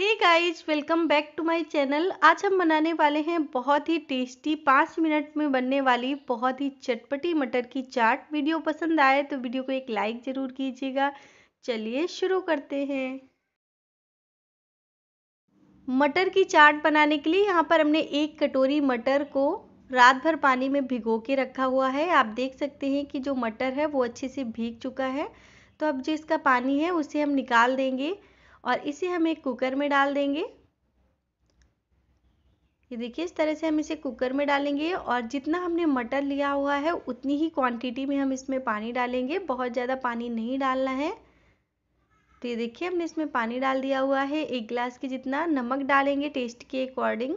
hey guys welcome back to my channel आज हम बनाने वाले हैं बहुत ही टेस्टी पाँच मिनट में बनने वाली बहुत ही चटपटी मटर की चाट वीडियो पसंद आए तो वीडियो को एक लाइक ज़रूर कीजिएगा चलिए शुरू करते हैं मटर की चाट बनाने के लिए यहाँ पर हमने एक कटोरी मटर को रात भर पानी में भिगो के रखा हुआ है आप देख सकते हैं कि जो मटर है वो अच्छे से भीग चुका है तो अब जो इसका पानी है उसे हम निकाल देंगे और इसे हम एक कुकर में डाल देंगे ये देखिए इस तरह से हम इसे कुकर में डालेंगे और जितना हमने मटर लिया हुआ है उतनी ही क्वांटिटी में हम इसमें पानी डालेंगे बहुत ज़्यादा पानी नहीं डालना है तो ये देखिए हमने इसमें पानी डाल दिया हुआ है एक गिलास के जितना नमक डालेंगे टेस्ट के अकॉर्डिंग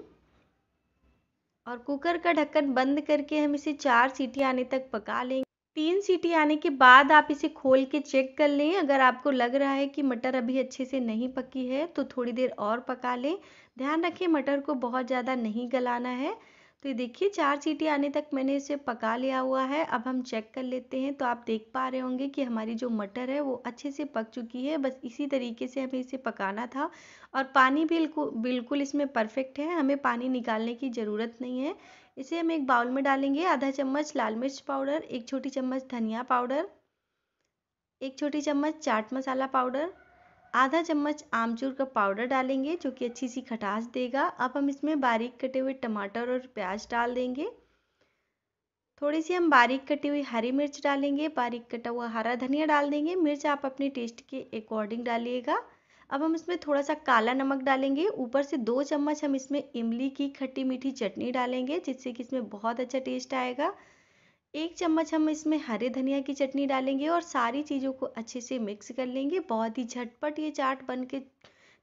और कुकर का ढक्कन बंद करके हम इसे चार सीटी आने तक पका लेंगे तीन सीटी आने के बाद आप इसे खोल के चेक कर लें अगर आपको लग रहा है कि मटर अभी अच्छे से नहीं पकी है तो थोड़ी देर और पका लें ध्यान रखें मटर को बहुत ज़्यादा नहीं गलाना है तो ये देखिए चार सीटी आने तक मैंने इसे पका लिया हुआ है अब हम चेक कर लेते हैं तो आप देख पा रहे होंगे कि हमारी जो मटर है वो अच्छे से पक चुकी है बस इसी तरीके से हमें इसे पकाना था और पानी बिल्कुल बिल्कुल इसमें परफेक्ट है हमें पानी निकालने की ज़रूरत नहीं है इसे हम एक बाउल में डालेंगे आधा चम्मच लाल मिर्च पाउडर एक छोटी चम्मच धनिया पाउडर एक छोटी चम्मच चाट मसाला पाउडर आधा चम्मच आमचूर का पाउडर डालेंगे जो कि अच्छी सी खटास देगा अब हम इसमें बारीक कटे हुए टमाटर और प्याज डाल देंगे थोड़ी सी हम बारीक कटी हुई हरी मिर्च डालेंगे बारीक कटा हुआ हरा धनिया डाल देंगे मिर्च आप अपने टेस्ट के अकॉर्डिंग डालिएगा अब हम इसमें थोड़ा सा काला नमक डालेंगे ऊपर से दो चम्मच हम इसमें इमली की खट्टी मीठी चटनी डालेंगे जिससे कि इसमें बहुत अच्छा टेस्ट आएगा एक चम्मच हम इसमें हरे धनिया की चटनी डालेंगे और सारी चीज़ों को अच्छे से मिक्स कर लेंगे बहुत ही झटपट ये चाट बन के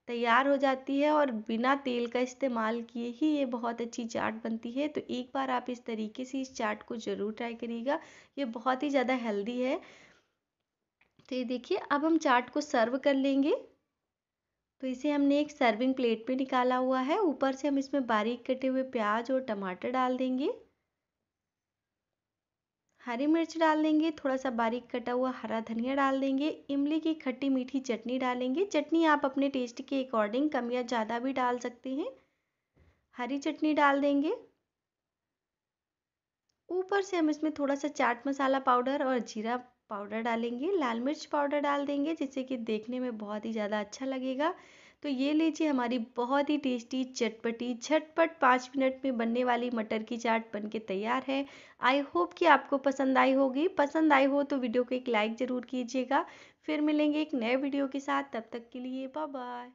तैयार हो जाती है और बिना तेल का इस्तेमाल किए ही ये बहुत अच्छी चाट बनती है तो एक बार आप इस तरीके से इस चाट को ज़रूर ट्राई करिएगा ये बहुत ही ज़्यादा हेल्दी है तो ये देखिए अब हम चाट को सर्व कर लेंगे तो इसे हमने एक सर्विंग प्लेट पे निकाला हुआ है ऊपर से हम इसमें बारीक कटे हुए प्याज और टमाटर डाल देंगे हरी मिर्च डाल देंगे थोड़ा सा बारीक कटा हुआ हरा धनिया डाल देंगे इमली की खट्टी मीठी चटनी डालेंगे चटनी आप अपने टेस्ट के अकॉर्डिंग कम या ज़्यादा भी डाल सकते हैं हरी चटनी डाल देंगे ऊपर से हम इसमें थोड़ा सा चाट मसाला पाउडर और जीरा पाउडर डालेंगे लाल मिर्च पाउडर डाल देंगे जिससे कि देखने में बहुत ही ज़्यादा अच्छा लगेगा तो ये लीजिए हमारी बहुत ही टेस्टी चटपटी झटपट पाँच मिनट में बनने वाली मटर की चाट बन के तैयार है आई होप कि आपको पसंद आई होगी पसंद आई हो तो वीडियो को एक लाइक ज़रूर कीजिएगा फिर मिलेंगे एक नए वीडियो के साथ तब तक के लिए बाय बाय